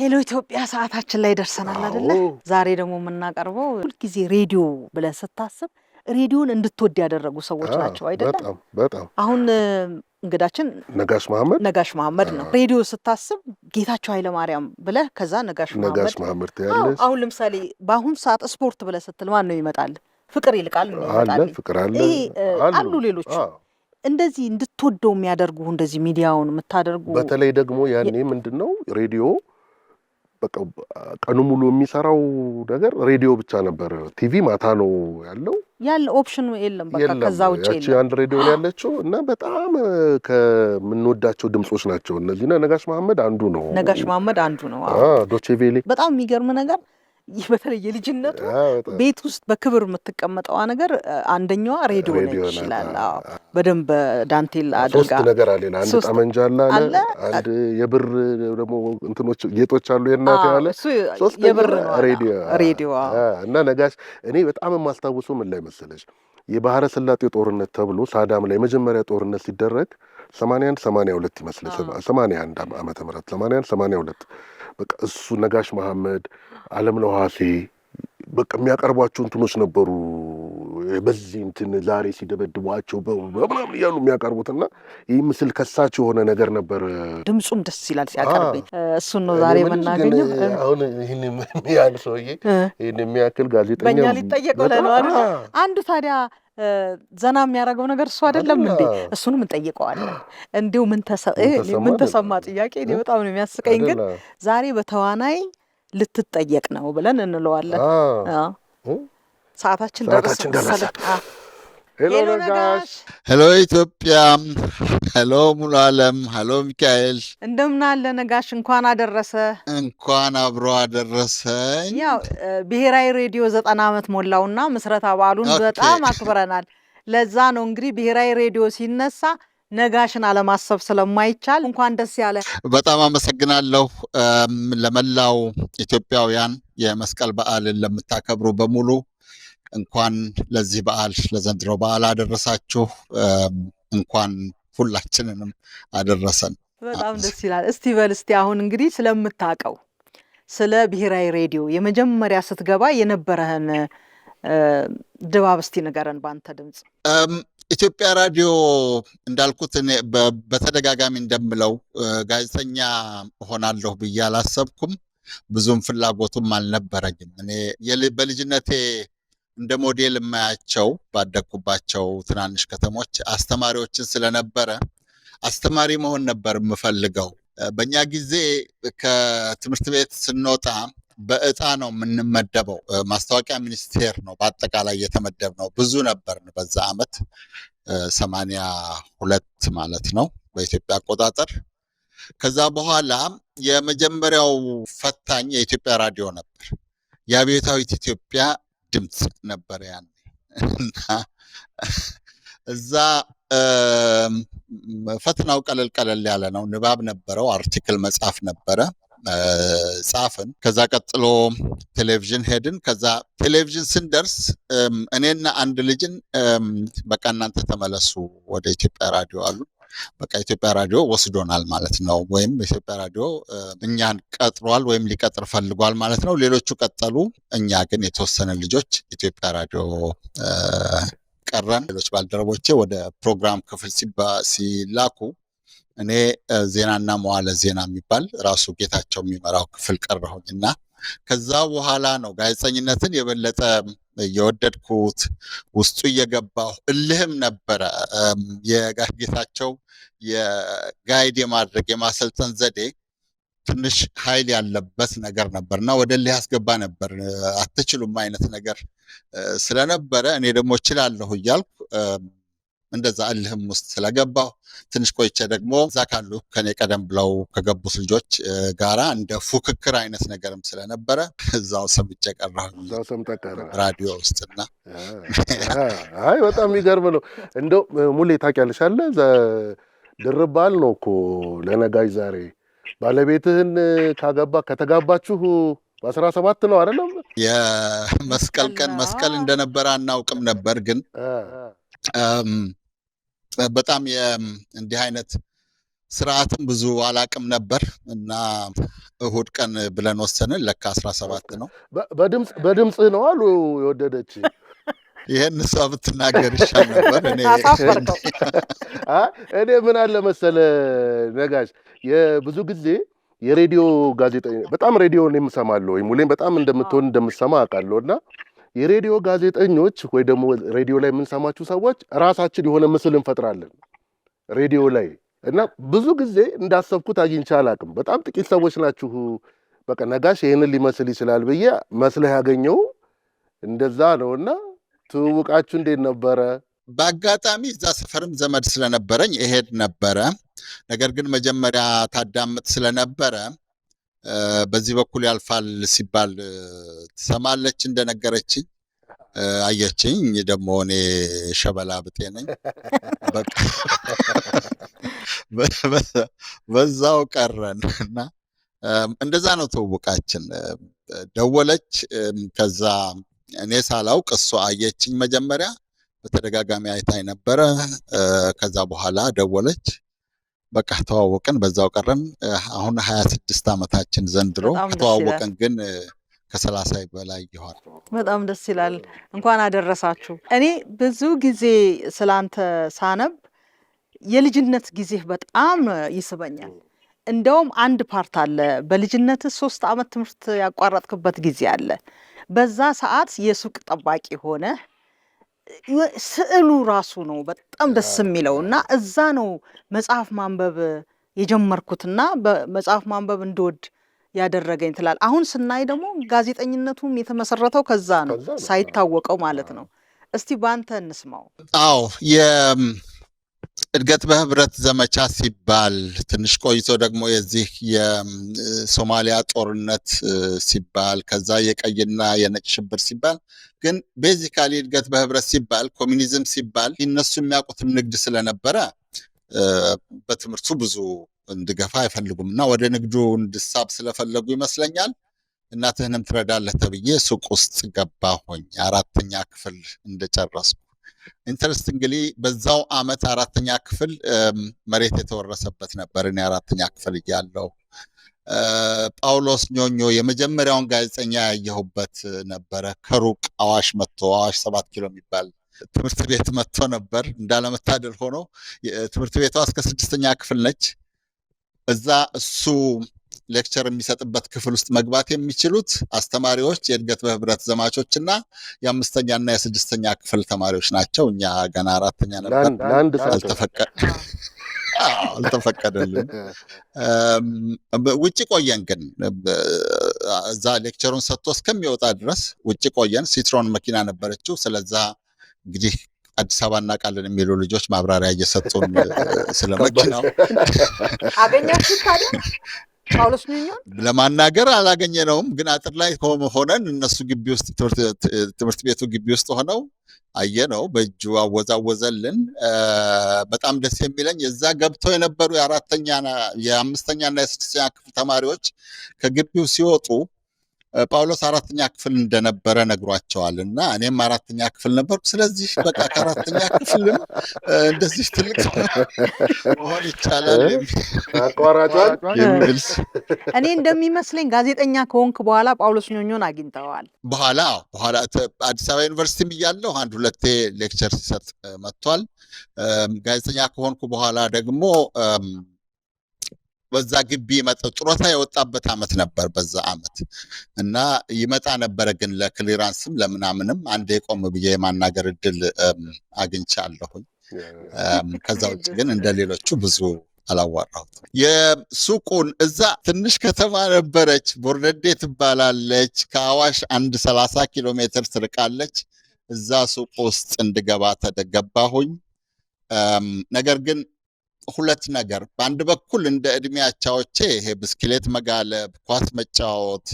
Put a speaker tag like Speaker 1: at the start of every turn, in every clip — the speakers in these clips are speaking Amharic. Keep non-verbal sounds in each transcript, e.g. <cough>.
Speaker 1: ሄሎ ኢትዮጵያ ሰዓታችን ላይ ደርሰናል አደለ? ዛሬ ደግሞ የምናቀርበው ሁልጊዜ ሬዲዮ ብለን ስታስብ ሬዲዮን እንድትወድ ያደረጉ ሰዎች ናቸው አይደለም? በጣም አሁን እንግዳችን ነጋሽ መሐመድ ነጋሽ መሐመድ ነው። ሬዲዮ ስታስብ ጌታቸው ኃይለማርያም ብለህ ከዛ ነጋሽ መሐመድ ትያለሽ። አሁን ለምሳሌ በአሁኑ ሰዓት ስፖርት ብለህ ስትል ማን ነው ይመጣል? ፍቅር ይልቃል ይመጣል። ፍቅር አለ አሉ ሌሎች እንደዚህ እንድትወደው የሚያደርጉ እንደዚህ ሚዲያውን የምታደርጉ
Speaker 2: በተለይ ደግሞ ያኔ ምንድን ነው ሬዲዮ ቀኑ ሙሉ የሚሰራው ነገር ሬዲዮ ብቻ ነበር። ቲቪ ማታ ነው ያለው
Speaker 1: ያለ ኦፕሽኑ የለም። በቃ ከዛ
Speaker 2: አንድ ሬዲዮ ነው ያለችው እና በጣም ከምንወዳቸው ድምጾች ናቸው እነዚህ። ነጋሽ መሐመድ አንዱ ነው።
Speaker 1: ነጋሽ መሐመድ አንዱ ነው። ዶቼ ቬሌ በጣም የሚገርም ነገር በተለይ የልጅነቱ ቤት ውስጥ በክብር የምትቀመጠዋ ነገር አንደኛዋ ሬዲዮ ነች ይችላል። በደንብ ዳንቴል አድርጋ ሶስት ነገር አለ።
Speaker 2: አንድ ጠመንጃ አለ፣ አንድ የብር ደግሞ እንትኖች ጌጦች አሉ። የእናቴ አለ የብር ሬዲዮ እና ነጋሽ። እኔ በጣም የማስታውሱ ምን ላይ መሰለች የባህረ ስላጤ ጦርነት ተብሎ ሳዳም ላይ የመጀመሪያ ጦርነት ሲደረግ ሰማንያ አንድ ሰማንያ ሁለት ይመስለ ሰማንያ አንድ ዓመተ ምህረት ሰማንያ አንድ ሰማንያ ሁለት በቃ እሱ ነጋሽ መሐመድ አለም ለዋሴ በቃ የሚያቀርቧቸው እንትኖች ነበሩ። በዚህ እንትን ዛሬ ሲደበድቧቸው በምናምን እያሉ የሚያቀርቡትና ይህ ምስል ከሳቸው የሆነ ነገር ነበር።
Speaker 1: ድምፁም ደስ ይላል ሲያቀርብኝ፣ እሱን ነው ዛሬ የምናገኘው።
Speaker 2: አሁን ይህን የሚያህል ሰውዬ ይህን የሚያክል ጋዜጠኛ በእኛ
Speaker 1: ሊጠየቅ ብለህ ነው አንዱ ታዲያ ዘና የሚያደርገው ነገር እሱ አይደለም እንዴ? እሱንም እንጠይቀዋለን። እንዲሁ ምን ተሰማ ጥያቄ እኔ በጣም ነው የሚያስቀኝ። ግን ዛሬ በተዋናይ ልትጠየቅ ነው ብለን እንለዋለን። ሰዓታችን ደረሰ።
Speaker 2: ሄሎ ነጋሽ፣
Speaker 3: ሄሎ ኢትዮጵያ፣ ሄሎ ሙሉ አለም ሄሎ ሚካኤል፣
Speaker 1: አለ ነጋሽ። እንኳን አደረሰ።
Speaker 3: እንኳን አብሮ አደረሰኝ። ያው
Speaker 1: ብሔራዊ ሬዲዮ ዘጠና ዓመት ሞላውና ምስረታ በዓሉን በጣም አክብረናል። ለዛ ነው እንግዲህ ብሔራዊ ሬዲዮ ሲነሳ ነጋሽን አለማሰብ ስለማይቻል እንኳን ደስ ያለ።
Speaker 3: በጣም አመሰግናለሁ ለመላው ኢትዮጵያውያን የመስቀል በዓልን ለምታከብሩ በሙሉ እንኳን ለዚህ በዓል ለዘንድሮ በዓል አደረሳችሁ። እንኳን ሁላችንንም አደረሰን።
Speaker 1: በጣም ደስ ይላል። እስቲ በል እስቲ አሁን እንግዲህ ስለምታውቀው ስለ ብሔራዊ ሬዲዮ የመጀመሪያ ስትገባ የነበረህን ድባብ እስቲ ንገረን በአንተ ድምፅ።
Speaker 3: ኢትዮጵያ ራዲዮ እንዳልኩት በተደጋጋሚ እንደምለው ጋዜጠኛ እሆናለሁ ብዬ አላሰብኩም። ብዙም ፍላጎቱም አልነበረኝም። እኔ በልጅነቴ እንደ ሞዴል የማያቸው ባደግኩባቸው ትናንሽ ከተሞች አስተማሪዎችን ስለነበረ አስተማሪ መሆን ነበር የምፈልገው። በእኛ ጊዜ ከትምህርት ቤት ስንወጣ በእጣ ነው የምንመደበው። ማስታወቂያ ሚኒስቴር ነው በአጠቃላይ እየተመደብ ነው። ብዙ ነበርን በዛ አመት ሰማንያ ሁለት ማለት ነው በኢትዮጵያ አቆጣጠር። ከዛ በኋላ የመጀመሪያው ፈታኝ የኢትዮጵያ ራዲዮ ነበር። የአብዮታዊት ኢትዮጵያ ድምፅ ነበር ያን <laughs> እዛ ፈተናው ቀለል ቀለል ያለ ነው። ንባብ ነበረው፣ አርቲክል መጻፍ ነበረ። ጻፍን። ከዛ ቀጥሎ ቴሌቪዥን ሄድን። ከዛ ቴሌቪዥን ስንደርስ እኔና አንድ ልጅን በቃ እናንተ ተመለሱ ወደ ኢትዮጵያ ራዲዮ አሉን። በቃ ኢትዮጵያ ራዲዮ ወስዶናል ማለት ነው፣ ወይም ኢትዮጵያ ራዲዮ እኛን ቀጥሯል ወይም ሊቀጥር ፈልጓል ማለት ነው። ሌሎቹ ቀጠሉ፣ እኛ ግን የተወሰነ ልጆች ኢትዮጵያ ራዲዮ ቀረን። ሌሎች ባልደረቦቼ ወደ ፕሮግራም ክፍል ሲላኩ እኔ ዜናና መዋለ ዜና የሚባል ራሱ ጌታቸው የሚመራው ክፍል ቀረሁኝ እና ከዛ በኋላ ነው ጋዜጠኝነትን የበለጠ የወደድኩት ውስጡ እየገባሁ እልህም ነበረ። የጋሽ ጌታቸው የጋይድ የማድረግ የማሰልጠን ዘዴ ትንሽ ኃይል ያለበት ነገር ነበር እና ወደ እልህ ያስገባ ነበር። አትችሉም አይነት ነገር ስለነበረ እኔ ደግሞ እችላለሁ እያልኩ እንደዛ እልህም ውስጥ ስለገባሁ ትንሽ ቆይቼ ደግሞ እዛ ካሉ ከኔ ቀደም ብለው ከገቡት ልጆች ጋራ እንደ ፉክክር አይነት ነገርም ስለነበረ እዛው ሰምጨ ቀረሁ ራዲዮ ውስጥና።
Speaker 2: አይ በጣም የሚገርም ነው። እንደው ሙሌ ታውቂያለሽ አለ ድርባል ነው እኮ ለነጋጅ ዛሬ። ባለቤትህን ካገባ ከተጋባችሁ በአስራ ሰባት ነው አይደለም?
Speaker 3: የመስቀል ቀን መስቀል እንደነበረ አናውቅም ነበር ግን በጣም እንዲህ አይነት ስርዓትም ብዙ አላቅም ነበር እና እሁድ ቀን ብለን ወሰንን። ለካ አስራ
Speaker 2: ሰባት ነው። በድምፅ ነው አሉ የወደደች ይህን እሷ ብትናገር ይሻል ነበር። እኔ ምን አለ መሰለ ነጋሽ፣ ብዙ ጊዜ የሬዲዮ ጋዜጠኛ በጣም ሬዲዮ እኔም እሰማለሁ ወይም ሁሌም በጣም እንደምትሆን እንደምሰማ አውቃለሁ እና የሬዲዮ ጋዜጠኞች ወይ ደግሞ ሬዲዮ ላይ የምንሰማችሁ ሰዎች ራሳችን የሆነ ምስል እንፈጥራለን ሬዲዮ ላይ እና ብዙ ጊዜ እንዳሰብኩት አግኝቼ አላቅም። በጣም ጥቂት ሰዎች ናችሁ በቃ ነጋሽ ይህንን ሊመስል ይችላል ብዬ መስለህ ያገኘው እንደዛ ነው። እና ትውውቃችሁ እንዴት ነበረ? በአጋጣሚ
Speaker 3: እዛ ሰፈርም ዘመድ ስለነበረኝ እሄድ ነበረ። ነገር ግን መጀመሪያ ታዳምጥ ስለነበረ በዚህ በኩል ያልፋል ሲባል ትሰማለች እንደነገረችኝ አየችኝ። ደግሞ እኔ ሸበላ ብጤ ነኝ፣ በዛው ቀረን እና እንደዛ ነው ትውውቃችን። ደወለች፣ ከዛ እኔ ሳላውቅ እሷ አየችኝ። መጀመሪያ በተደጋጋሚ አይታይ ነበረ። ከዛ በኋላ ደወለች በቃ ተዋወቅን፣ በዛው ቀረን። አሁን ሀያ ስድስት ዓመታችን ዘንድሮ ከተዋወቅን ግን ከሰላሳ በላይ ይሆናል። በጣም ደስ
Speaker 1: ይላል። እንኳን አደረሳችሁ። እኔ ብዙ ጊዜ ስላንተ ሳነብ የልጅነት ጊዜ በጣም ይስበኛል። እንደውም አንድ ፓርት አለ በልጅነት ሶስት ዓመት ትምህርት ያቋረጥክበት ጊዜ አለ። በዛ ሰዓት የሱቅ ጠባቂ ሆነህ ስዕሉ ራሱ ነው በጣም ደስ የሚለው እና እዛ ነው መጽሐፍ ማንበብ የጀመርኩትና መጽሐፍ ማንበብ እንድወድ ያደረገኝ ትላል። አሁን ስናይ ደግሞ ጋዜጠኝነቱም የተመሰረተው ከዛ ነው፣ ሳይታወቀው ማለት ነው። እስቲ በአንተ
Speaker 3: እንስማው። አዎ እድገት በህብረት ዘመቻ ሲባል ትንሽ ቆይቶ ደግሞ የዚህ የሶማሊያ ጦርነት ሲባል ከዛ የቀይና የነጭ ሽብር ሲባል ግን ቤዚካሊ እድገት በህብረት ሲባል ኮሚኒዝም ሲባል እነሱ የሚያውቁትም ንግድ ስለነበረ በትምህርቱ ብዙ እንድገፋ አይፈልጉም እና ወደ ንግዱ እንድሳብ ስለፈለጉ ይመስለኛል እናትህንም ትረዳለህ ተብዬ ሱቅ ውስጥ ገባሁኝ አራተኛ ክፍል እንደጨረስኩ ኢንተረስቲንግሊ በዛው አመት አራተኛ ክፍል መሬት የተወረሰበት ነበር። እኔ አራተኛ ክፍል እያለሁ ጳውሎስ ኞኞ የመጀመሪያውን ጋዜጠኛ ያየሁበት ነበረ። ከሩቅ አዋሽ መጥቶ አዋሽ ሰባት ኪሎ የሚባል ትምህርት ቤት መጥቶ ነበር። እንዳለመታደል ሆኖ ትምህርት ቤቷ እስከ ስድስተኛ ክፍል ነች። እዛ እሱ ሌክቸር የሚሰጥበት ክፍል ውስጥ መግባት የሚችሉት አስተማሪዎች፣ የእድገት በህብረት ዘማቾች እና የአምስተኛ እና የስድስተኛ ክፍል ተማሪዎች ናቸው። እኛ ገና አራተኛ ነበር፣
Speaker 2: <laughs> አልተፈቀደልን።
Speaker 3: ውጭ ቆየን፣ ግን እዛ ሌክቸሩን ሰጥቶ እስከሚወጣ ድረስ ውጭ ቆየን። ሲትሮን መኪና ነበረችው። ስለዛ እንግዲህ አዲስ አበባ እናውቃለን የሚሉ ልጆች ማብራሪያ እየሰጡን <laughs> ስለመኪናው
Speaker 1: አገኛችሁ ጳውሎስ
Speaker 3: ለማናገር አላገኘነውም፣ ግን አጥር ላይ ሆነን እነሱ ግቢ ውስጥ ትምህርት ቤቱ ግቢ ውስጥ ሆነው አየነው። በእጁ አወዛወዘልን። በጣም ደስ የሚለኝ የዛ ገብተው የነበሩ የአራተኛ የአምስተኛና የስድስተኛ ክፍል ተማሪዎች ከግቢው ሲወጡ ጳውሎስ አራተኛ ክፍል እንደነበረ ነግሯቸዋል እና እኔም አራተኛ ክፍል ነበርኩ። ስለዚህ በቃ ከአራተኛ ክፍልም እንደዚህ ትልቅ መሆን ይቻላል
Speaker 1: እኔ እንደሚመስለኝ ጋዜጠኛ ከሆንክ በኋላ ጳውሎስ ኞኞን አግኝተዋል። በኋላ
Speaker 3: በኋላ አዲስ አበባ ዩኒቨርሲቲም እያለሁ አንድ ሁለቴ ሌክቸር ሲሰጥ መጥቷል። ጋዜጠኛ ከሆንኩ በኋላ ደግሞ በዛ ግቢ ይመጣ ጡረታ የወጣበት አመት ነበር። በዛ አመት እና ይመጣ ነበረ፣ ግን ለክሊራንስም ለምናምንም አንድ የቆም ብዬ የማናገር እድል አግኝቻለሁኝ። ከዛ ውጭ ግን እንደ ሌሎቹ ብዙ አላዋራሁት። የሱቁን እዛ ትንሽ ከተማ ነበረች፣ ቦርደዴ ትባላለች። ከአዋሽ አንድ ሰላሳ ኪሎ ሜትር ትርቃለች። እዛ ሱቅ ውስጥ እንድገባ ተደገባሁኝ። ነገር ግን ሁለት ነገር በአንድ በኩል እንደ እድሜ አቻዎቼ ይሄ ብስክሌት መጋለብ፣ ኳስ መጫወት፣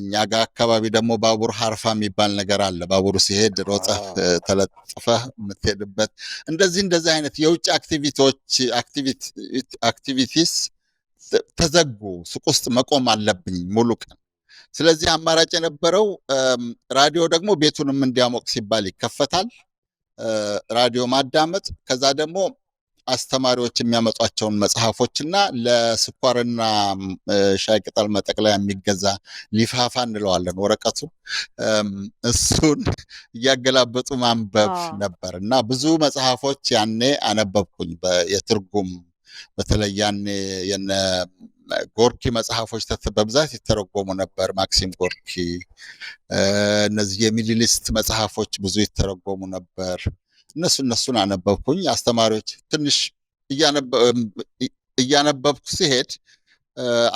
Speaker 3: እኛ ጋር አካባቢ ደግሞ ባቡር ሀርፋ የሚባል ነገር አለ። ባቡሩ ሲሄድ ሮጠህ ተለጥፈህ የምትሄድበት እንደዚህ እንደዚህ አይነት የውጭ አክቲቪቲዎች አክቲቪቲስ ተዘጉ። ሱቅ ውስጥ መቆም አለብኝ ሙሉ ቀን። ስለዚህ አማራጭ የነበረው ራዲዮ ደግሞ ቤቱንም እንዲያሞቅ ሲባል ይከፈታል። ራዲዮ ማዳመጥ ከዛ ደግሞ አስተማሪዎች የሚያመጧቸውን መጽሐፎችና ለስኳርና ሻይ ቅጠል መጠቅለያ የሚገዛ ሊፋፋ እንለዋለን ወረቀቱ፣ እሱን እያገላበጡ ማንበብ ነበር እና ብዙ መጽሐፎች ያኔ አነበብኩኝ የትርጉም በተለይ ያኔ የነ ጎርኪ መጽሐፎች በብዛት ይተረጎሙ ነበር። ማክሲም ጎርኪ እነዚህ የሚሊሊስት መጽሐፎች ብዙ ይተረጎሙ ነበር። እነሱ እነሱን አነበብኩኝ። አስተማሪዎች ትንሽ እያነበብኩ ሲሄድ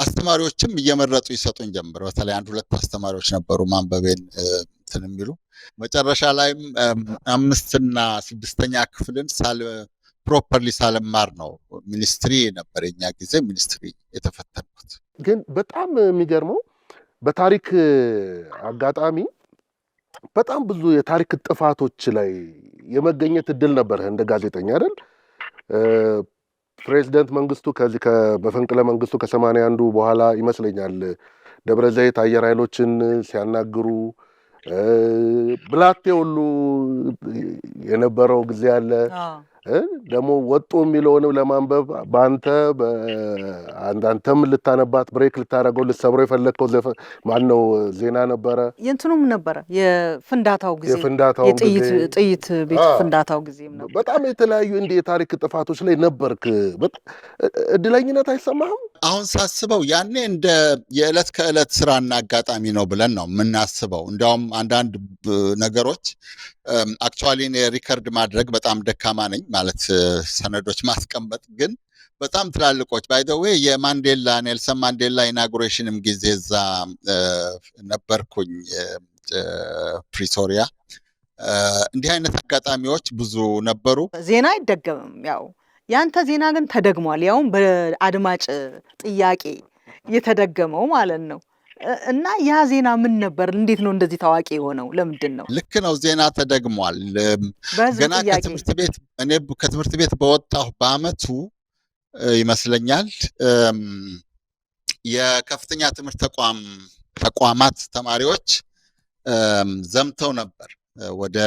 Speaker 3: አስተማሪዎችም እየመረጡ ይሰጡኝ ጀምር። በተለይ አንድ ሁለት አስተማሪዎች ነበሩ ማንበቤን እንትን የሚሉ። መጨረሻ ላይም አምስትና ስድስተኛ ክፍልን ሳል ፕሮፐርሊ ሳልማር ነው ሚኒስትሪ ነበር የኛ ጊዜ ሚኒስትሪ የተፈተንኩት። ግን በጣም
Speaker 2: የሚገርመው በታሪክ አጋጣሚ በጣም ብዙ የታሪክ ጥፋቶች ላይ የመገኘት እድል ነበር እንደ ጋዜጠኛ አይደል? ፕሬዚደንት መንግስቱ ከዚህ በፈንቅለ መንግስቱ ከሰማንያ አንዱ በኋላ ይመስለኛል ደብረ ዘይት አየር ኃይሎችን ሲያናግሩ ብላቴ ሁሉ የነበረው ጊዜ አለ። ደግሞ ወጡ የሚለውን ለማንበብ በአንተ አንተም ልታነባት ብሬክ ልታደረገው ልትሰብረው የፈለግከው ማን ነው ዜና ነበረ። የንትኑም ነበረ
Speaker 1: የፍንዳታው ጊዜ የፍንዳታው ጥይት ቤት ፍንዳታው ጊዜ
Speaker 2: ነበር። በጣም የተለያዩ እንደ የታሪክ ጥፋቶች ላይ ነበርክ። እድለኝነት አይሰማህም? አሁን ሳስበው
Speaker 3: ያኔ እንደ የዕለት ከዕለት ስራና አጋጣሚ ነው ብለን ነው የምናስበው። እንዲያውም አንዳንድ ነገሮች አክቹዋሊ ሪከርድ ማድረግ በጣም ደካማ ነኝ ማለት ሰነዶች ማስቀመጥ ግን በጣም ትላልቆች ባይደዌ የማንዴላ ኔልሰን ማንዴላ ኢናጉሬሽንም ጊዜ እዛ ነበርኩኝ ፕሪቶሪያ። እንዲህ አይነት አጋጣሚዎች ብዙ ነበሩ። ዜና
Speaker 1: አይደገምም። ያው ያንተ ዜና ግን ተደግሟል፣ ያውም በአድማጭ ጥያቄ የተደገመው ማለት ነው። እና ያ ዜና ምን ነበር? እንዴት ነው እንደዚህ ታዋቂ የሆነው? ለምንድን ነው? ልክ
Speaker 3: ነው፣ ዜና ተደግሟል። ገና ከትምህርት ቤት እኔ ከትምህርት ቤት በወጣሁ በአመቱ ይመስለኛል የከፍተኛ ትምህርት ተቋም ተቋማት ተማሪዎች ዘምተው ነበር ወደ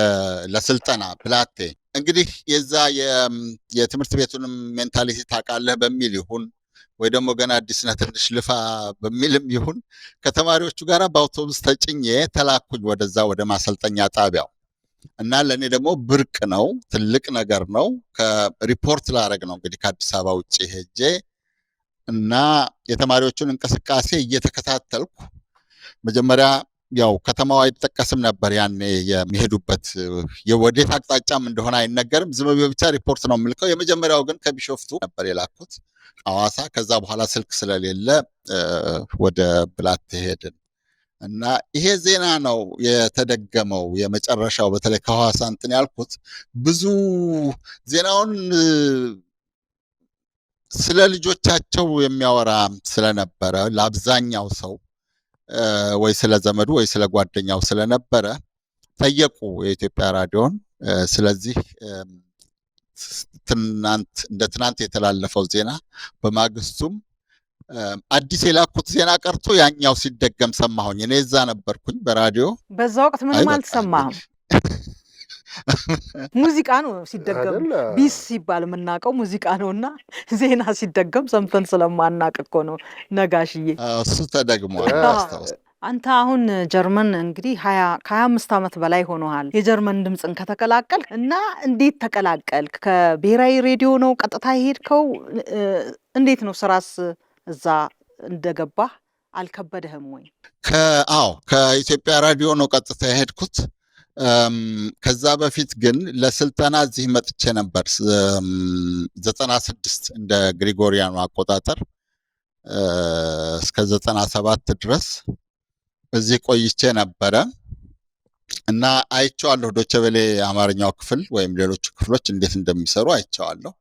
Speaker 3: ለስልጠና ፕላቴ። እንግዲህ የዛ የትምህርት ቤቱንም ሜንታሊቲ ታውቃለህ በሚል ይሁን ወይ ደግሞ ገና አዲስና ትንሽ ልፋ በሚልም ይሁን ከተማሪዎቹ ጋር በአውቶቡስ ተጭኜ ተላኩኝ ወደዛ ወደ ማሰልጠኛ ጣቢያው እና ለእኔ ደግሞ ብርቅ ነው፣ ትልቅ ነገር ነው። ከሪፖርት ላረግ ነው እንግዲህ ከአዲስ አበባ ውጭ ሄጄ እና የተማሪዎቹን እንቅስቃሴ እየተከታተልኩ መጀመሪያ ያው ከተማዋ አይጠቀስም ነበር ያኔ የሚሄዱበት የወዴት አቅጣጫም እንደሆነ አይነገርም። ዝም ብቻ ሪፖርት ነው የምልከው። የመጀመሪያው ግን ከቢሾፍቱ ነበር የላኩት አዋሳ። ከዛ በኋላ ስልክ ስለሌለ ወደ ብላት ትሄድን እና ይሄ ዜና ነው የተደገመው። የመጨረሻው በተለይ ከሐዋሳ እንትን ያልኩት ብዙ ዜናውን ስለ ልጆቻቸው የሚያወራ ስለነበረ ለአብዛኛው ሰው ወይ ስለ ዘመዱ ወይ ስለ ጓደኛው ስለነበረ ጠየቁ የኢትዮጵያ ራዲዮን። ስለዚህ ትናንት እንደ ትናንት የተላለፈው ዜና በማግስቱም አዲስ የላኩት ዜና ቀርቶ ያኛው ሲደገም ሰማሁኝ። እኔ እዛ ነበርኩኝ በራዲዮ
Speaker 1: በዛ ወቅት ምንም አልተሰማህም? ሙዚቃ ነው ሲደገም ቢስ ሲባል የምናውቀው ሙዚቃ ነው እና ዜና ሲደገም ሰምተን ስለማናቅ እኮ ነው ነጋሽዬ። እሱ
Speaker 3: ተደግሟል። አንተ አሁን
Speaker 1: ጀርመን እንግዲህ ከሀያ አምስት ዓመት በላይ ሆኖሃል የጀርመን ድምፅን ከተቀላቀል እና እንዴት ተቀላቀልክ? ከብሔራዊ ሬዲዮ ነው ቀጥታ የሄድከው? እንዴት ነው ስራስ እዛ እንደገባህ አልከበደህም ወይ? አዎ
Speaker 3: ከኢትዮጵያ ራዲዮ ነው ቀጥታ የሄድኩት። ከዛ በፊት ግን ለስልጠና እዚህ መጥቼ ነበር ዘጠና ስድስት እንደ ግሪጎሪያኑ አቆጣጠር እስከ ዘጠና ሰባት ድረስ እዚህ ቆይቼ ነበረ እና አይቼዋለሁ። ዶቸቤሌ አማርኛው ክፍል ወይም ሌሎቹ ክፍሎች እንዴት እንደሚሰሩ አይቼዋለሁ።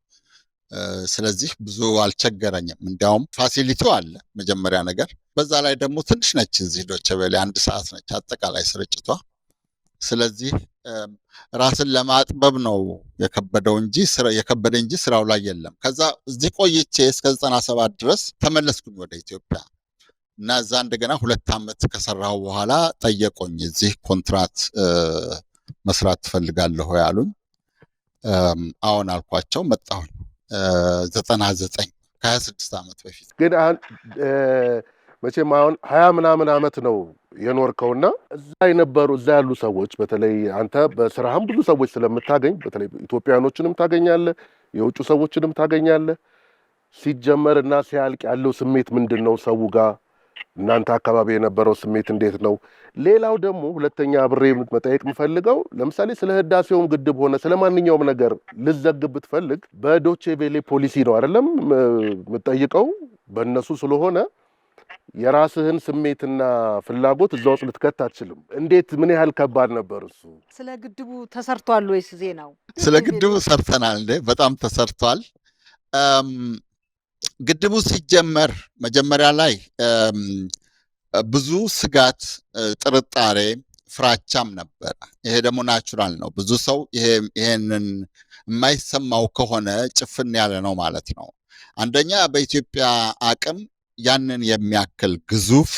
Speaker 3: ስለዚህ ብዙ አልቸገረኝም። እንዲያውም ፋሲሊቲው አለ መጀመሪያ ነገር፣ በዛ ላይ ደግሞ ትንሽ ነች እዚህ ዶቸቤሌ አንድ ሰዓት ነች አጠቃላይ ስርጭቷ። ስለዚህ ራስን ለማጥበብ ነው የከበደው እንጂ የከበደ እንጂ ስራው ላይ የለም። ከዛ እዚህ ቆይቼ እስከ ዘጠና ሰባት ድረስ ተመለስኩኝ ወደ ኢትዮጵያ እና እዛ እንደገና ሁለት ዓመት ከሰራሁ በኋላ ጠየቆኝ። እዚህ ኮንትራት መስራት ትፈልጋለሁ ያሉኝ። አዎን አልኳቸው። መጣሁኝ ዘጠና ዘጠኝ ከሀያ ስድስት ዓመት በፊት ግን
Speaker 2: መቼም አሁን ሀያ ምናምን ዓመት ነው የኖርከውና እዛ የነበሩ እዛ ያሉ ሰዎች በተለይ አንተ በስራህም ብዙ ሰዎች ስለምታገኝ በተለይ ኢትዮጵያኖችንም ታገኛለህ፣ የውጭ ሰዎችንም ታገኛለህ። ሲጀመር እና ሲያልቅ ያለው ስሜት ምንድን ነው? ሰው ጋር እናንተ አካባቢ የነበረው ስሜት እንዴት ነው? ሌላው ደግሞ ሁለተኛ አብሬ መጠየቅ የምፈልገው ለምሳሌ ስለ ህዳሴውም ግድብ ሆነ ስለ ማንኛውም ነገር ልዘግብ ብትፈልግ በዶቼ ቬሌ ፖሊሲ ነው አይደለም የምጠይቀው በእነሱ ስለሆነ የራስህን ስሜትና ፍላጎት እዛ ውስጥ ልትከት አትችልም። እንዴት ምን ያህል ከባድ ነበር እሱ። ስለ ግድቡ
Speaker 1: ተሰርቷል ወይስ ዜናው? ስለ ግድቡ
Speaker 3: ሰርተናል እንዴ? በጣም ተሰርቷል። ግድቡ ሲጀመር መጀመሪያ ላይ ብዙ ስጋት፣ ጥርጣሬ፣ ፍራቻም ነበረ። ይሄ ደግሞ ናቹራል ነው። ብዙ ሰው ይሄንን የማይሰማው ከሆነ ጭፍን ያለ ነው ማለት ነው። አንደኛ በኢትዮጵያ አቅም ያንን የሚያክል ግዙፍ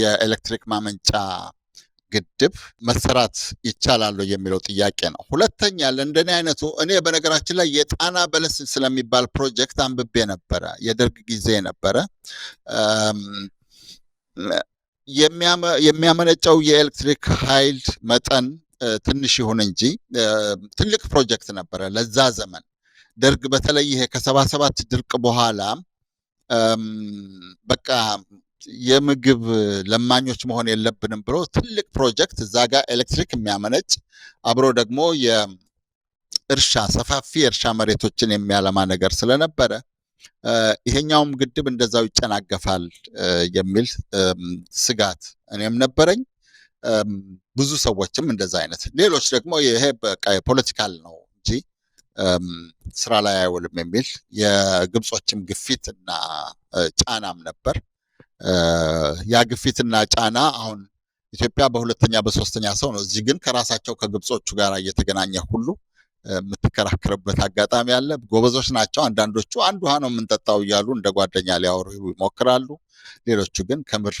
Speaker 3: የኤሌክትሪክ ማመንጫ ግድብ መሰራት ይቻላሉ የሚለው ጥያቄ ነው። ሁለተኛ ለእንደኔ አይነቱ እኔ በነገራችን ላይ የጣና በለስ ስለሚባል ፕሮጀክት አንብቤ ነበረ። የደርግ ጊዜ ነበረ። የሚያመነጨው የኤሌክትሪክ ኃይል መጠን ትንሽ ይሁን እንጂ ትልቅ ፕሮጀክት ነበረ ለዛ ዘመን ደርግ በተለይ ይሄ ከሰባ ሰባት ድርቅ በኋላ በቃ የምግብ ለማኞች መሆን የለብንም ብሎ ትልቅ ፕሮጀክት እዛ ጋር ኤሌክትሪክ የሚያመነጭ አብሮ ደግሞ የእርሻ ሰፋፊ የእርሻ መሬቶችን የሚያለማ ነገር ስለነበረ ይሄኛውም ግድብ እንደዛው ይጨናገፋል የሚል ስጋት እኔም ነበረኝ። ብዙ ሰዎችም እንደዛ አይነት ሌሎች ደግሞ ይሄ በቃ የፖለቲካል ነው ስራ ላይ አይውልም የሚል የግብጾችም ግፊት እና ጫናም ነበር። ያ ግፊትና ጫና አሁን ኢትዮጵያ በሁለተኛ በሶስተኛ ሰው ነው። እዚህ ግን ከራሳቸው ከግብጾቹ ጋር እየተገናኘ ሁሉ የምትከራከርበት አጋጣሚ አለ። ጎበዞች ናቸው። አንዳንዶቹ አንድ ውሃ ነው የምንጠጣው እያሉ እንደ ጓደኛ ሊያወሩ ይሞክራሉ። ሌሎቹ ግን ከምር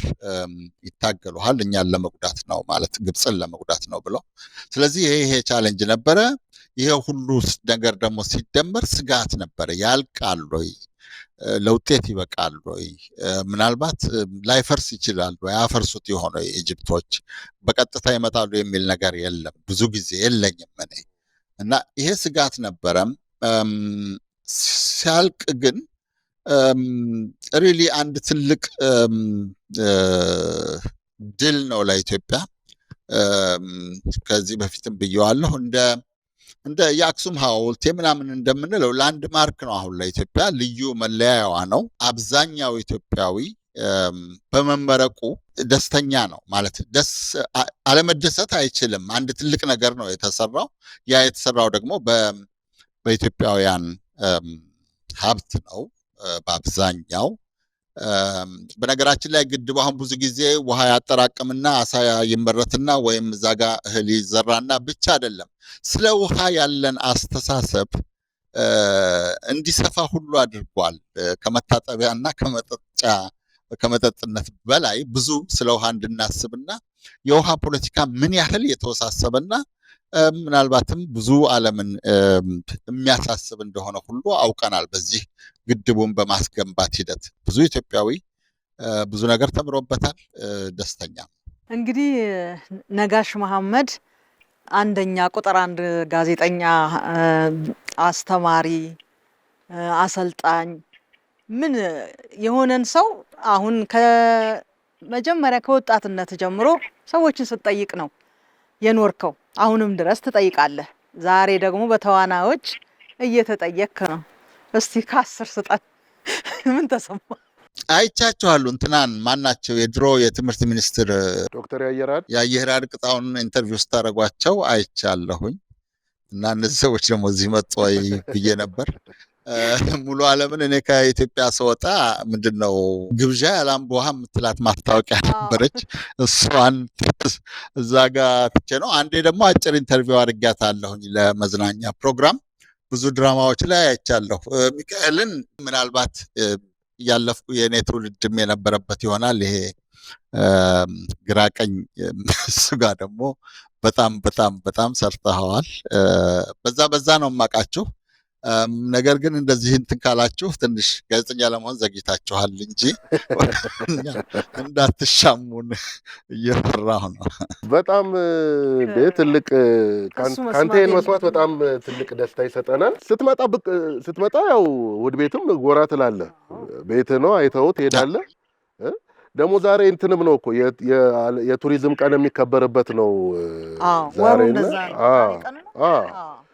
Speaker 3: ይታገሉሃል። እኛን ለመጉዳት ነው ማለት ግብፅን ለመጉዳት ነው ብለው። ስለዚህ ይሄ ይሄ ቻለንጅ ነበረ። ይሄ ሁሉ ነገር ደግሞ ሲደመር ስጋት ነበረ። ያልቃል ወይ? ለውጤት ይበቃል ወይ? ምናልባት ላይፈርስ ይችላል ወይ? አፈርሱት የሆነ ኢጅፕቶች በቀጥታ ይመጣሉ የሚል ነገር የለም። ብዙ ጊዜ የለኝም እኔ እና ይሄ ስጋት ነበረም። ሲያልቅ ግን ሪሊ አንድ ትልቅ ድል ነው ለኢትዮጵያ። ከዚህ በፊትም ብየዋለሁ እንደ እንደ የአክሱም ሐውልት ምናምን እንደምንለው ላንድማርክ ማርክ ነው። አሁን ለኢትዮጵያ ልዩ መለያዋ ነው። አብዛኛው ኢትዮጵያዊ በመመረቁ ደስተኛ ነው ማለት ደስ አለመደሰት አይችልም። አንድ ትልቅ ነገር ነው የተሰራው። ያ የተሰራው ደግሞ በኢትዮጵያውያን ሀብት ነው በአብዛኛው በነገራችን ላይ ግድቡ አሁን ብዙ ጊዜ ውሃ ያጠራቅምና አሳ ይመረትና ወይም እዛ ጋ እህል ይዘራና ብቻ አይደለም። ስለ ውሃ ያለን አስተሳሰብ እንዲሰፋ ሁሉ አድርጓል። ከመታጠቢያና ከመጠጫ ከመጠጥነት በላይ ብዙ ስለ ውሃ እንድናስብና የውሃ ፖለቲካ ምን ያህል የተወሳሰበና ምናልባትም ብዙ ዓለምን የሚያሳስብ እንደሆነ ሁሉ አውቀናል በዚህ ግድቡን በማስገንባት ሂደት ብዙ ኢትዮጵያዊ ብዙ ነገር ተምሮበታል። ደስተኛ
Speaker 1: እንግዲህ ነጋሽ መሐመድ አንደኛ ቁጥር አንድ ጋዜጠኛ፣ አስተማሪ፣ አሰልጣኝ ምን የሆነን ሰው አሁን ከመጀመሪያ ከወጣትነት ጀምሮ ሰዎችን ስትጠይቅ ነው የኖርከው። አሁንም ድረስ ትጠይቃለህ። ዛሬ ደግሞ በተዋናዮች እየተጠየቅ ነው። እስቲ ከአስር ስጠን። ምን ተሰማ?
Speaker 3: አይቻችኋሉ። እንትናን ማናቸው የድሮ የትምህርት ሚኒስትር ዶክተር የአየህራድ ቅጣውን ኢንተርቪው ስታደረጓቸው አይቻለሁኝ። እና እነዚህ ሰዎች ደግሞ እዚህ መጡ ወይ ብዬ ነበር። ሙሉ አለምን እኔ ከኢትዮጵያ ስወጣ ምንድን ነው ግብዣ ያላም በውሃ የምትላት ማስታወቂያ ነበረች። እሷን እዛ ጋር ትቼ ነው። አንዴ ደግሞ አጭር ኢንተርቪው አለሁኝ ለመዝናኛ ፕሮግራም ብዙ ድራማዎች ላይ አይቻለሁ። ሚካኤልን ምናልባት ያለፍኩ የእኔ ትውልድም የነበረበት ይሆናል። ይሄ ግራ ቀኝ እሱ ጋር ደግሞ በጣም በጣም በጣም ሰርተኸዋል። በዛ በዛ ነው የማውቃችሁ። ነገር ግን እንደዚህ እንትን ካላችሁ ትንሽ ጋዜጠኛ ለመሆን ዘግይታችኋል እንጂ እንዳትሻሙን እየፈራሁ ነው። በጣም
Speaker 2: ትልቅ ካንቴን መስማት በጣም ትልቅ ደስታ ይሰጠናል። ስትመጣ ስትመጣ ያው ውድ ቤትም ጎራ ትላለህ። ቤት ነው አይተው ትሄዳለህ። ደግሞ ዛሬ እንትንም ነው እኮ የቱሪዝም ቀን የሚከበርበት ነው ዛሬ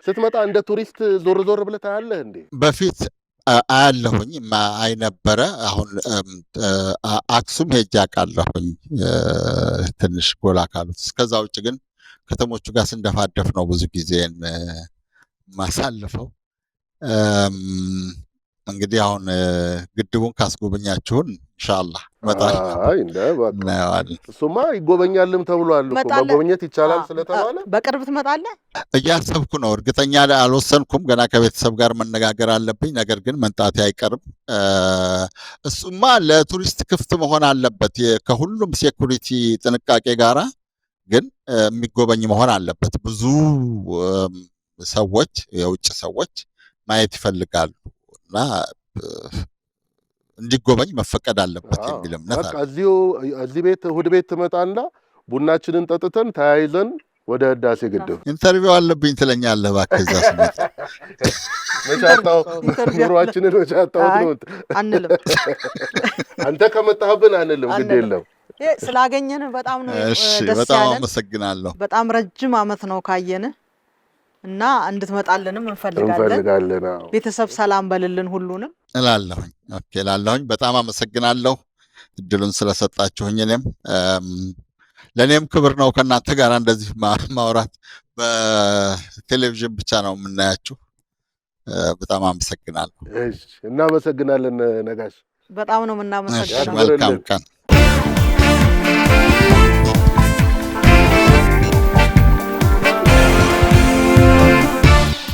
Speaker 2: ስትመጣ እንደ ቱሪስት ዞር ዞር ብለህ ታያለህ እንዴ? በፊት
Speaker 3: አያለሁኝ አይ ነበረ። አሁን አክሱም ሄጄ አውቃለሁኝ ትንሽ ጎላ ካሉት። እስከዛ ውጭ ግን ከተሞቹ ጋር ስንደፋደፍ ነው ብዙ ጊዜን ማሳልፈው። እንግዲህ አሁን ግድቡን ካስጎበኛችሁን እንሻላ
Speaker 2: እሱማ ይጎበኛልም ተብሏል። መጎብኘት ይቻላል
Speaker 1: ስለተባለ በቅርብ ትመጣለህ?
Speaker 3: እያሰብኩ ነው። እርግጠኛ አልወሰንኩም። ገና ከቤተሰብ ጋር መነጋገር አለብኝ። ነገር ግን መንጣቴ አይቀርም። እሱማ ለቱሪስት ክፍት መሆን አለበት ከሁሉም ሴኩሪቲ ጥንቃቄ ጋራ ግን የሚጎበኝ መሆን አለበት። ብዙ ሰዎች የውጭ ሰዎች ማየት ይፈልጋሉ እና እንዲጎበኝ መፈቀድ አለበት የሚል እምነት አለ።
Speaker 2: እዚህ ቤት እሑድ ቤት ትመጣና ቡናችንን ጠጥተን ተያይዘን ወደ ህዳሴ
Speaker 3: ግድብ ኢንተርቪው አለብኝ ትለኛለህ። እባክህ እዛ ስሜት <laughs>
Speaker 2: መቻታው ኑሯችንን መቻታው
Speaker 1: አንልም። <laughs>
Speaker 2: አንተ ከመጣህብን አንልም፣ ግድ የለም
Speaker 1: ስላገኘን በጣም ነው ደስ ያለን። በጣም
Speaker 3: አመሰግናለሁ። በጣም ረጅም አመት ነው
Speaker 1: ካየንህ እና እንድትመጣልንም እንፈልጋለን። ቤተሰብ ሰላም በልልን ሁሉንም
Speaker 3: እላለሁኝ። ኦኬ እላለሁኝ። በጣም አመሰግናለሁ እድሉን ስለሰጣችሁኝ። እኔም ለእኔም ክብር ነው ከእናንተ ጋር እንደዚህ ማውራት። በቴሌቪዥን ብቻ ነው የምናያችሁ። በጣም አመሰግናለሁ።
Speaker 2: እናመሰግናለን ነጋሽ፣ በጣም ነው የምናመሰግናለን። መልካም ቀን